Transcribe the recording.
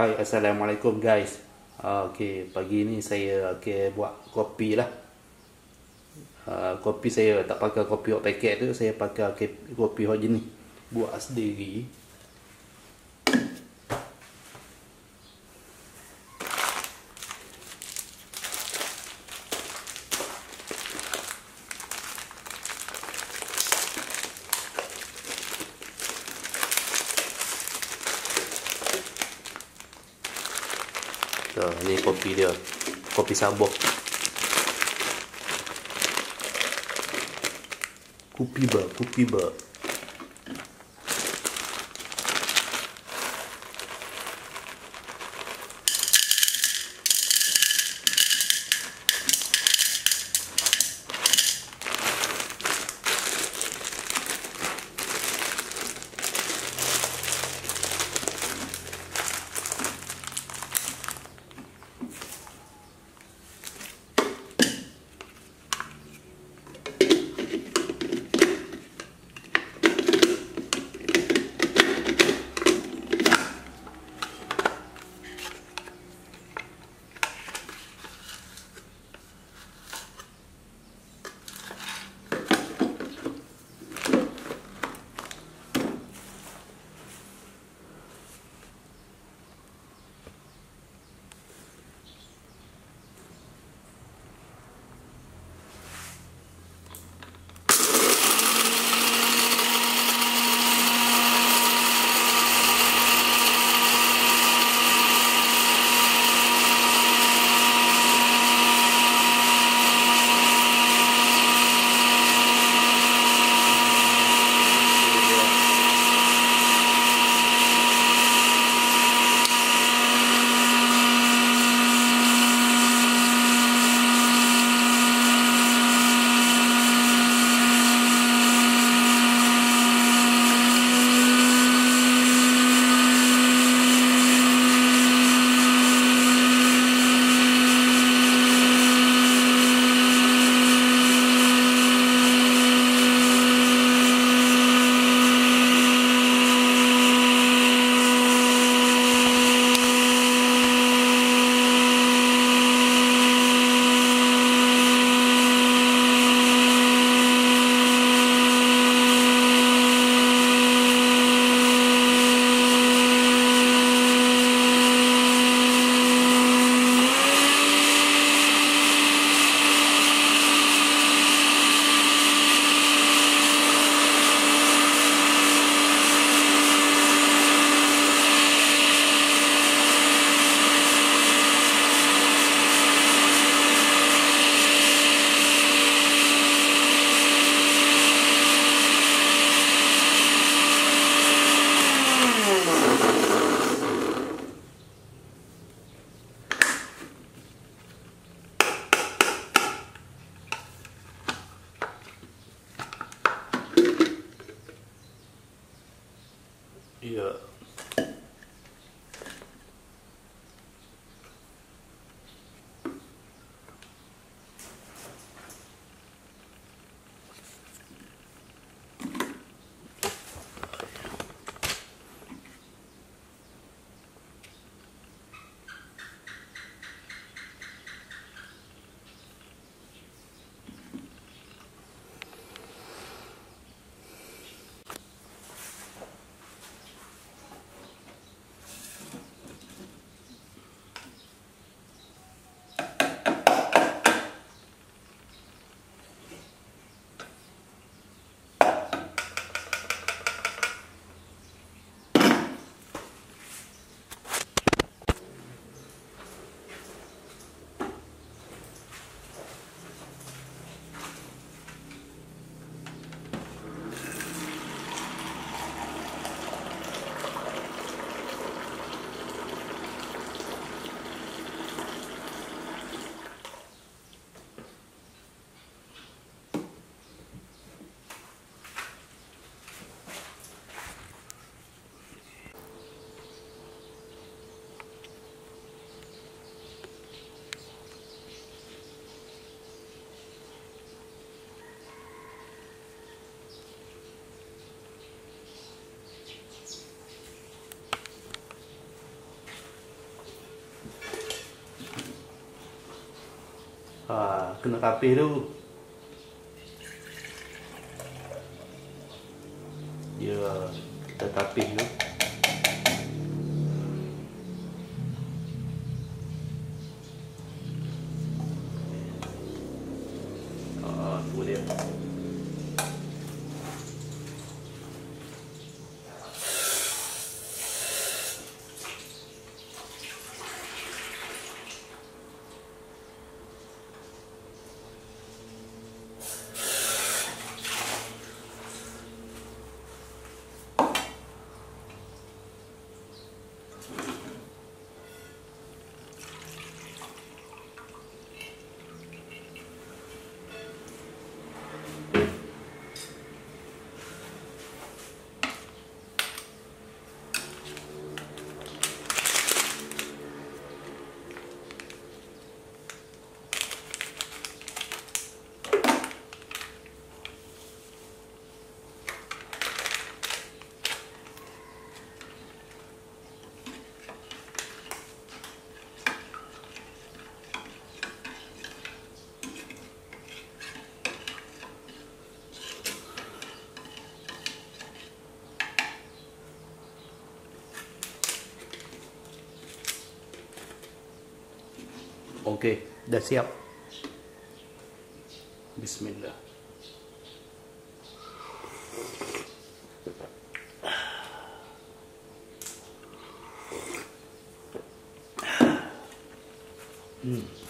Hai Assalamualaikum guys ah, Okay pagi ni saya okay, buat kopi lah uh, Kopi saya tak pakai kopi hot packet tu Saya pakai kopi hot jenis Buat sendiri ni kopi dia kopi Sabah kopi ba kopi ba Yeah. Ha, kena kapih tu. Ya, kita kapih tu. Ha, tu dia. Okey, dah siap. Bismillah. Hmm.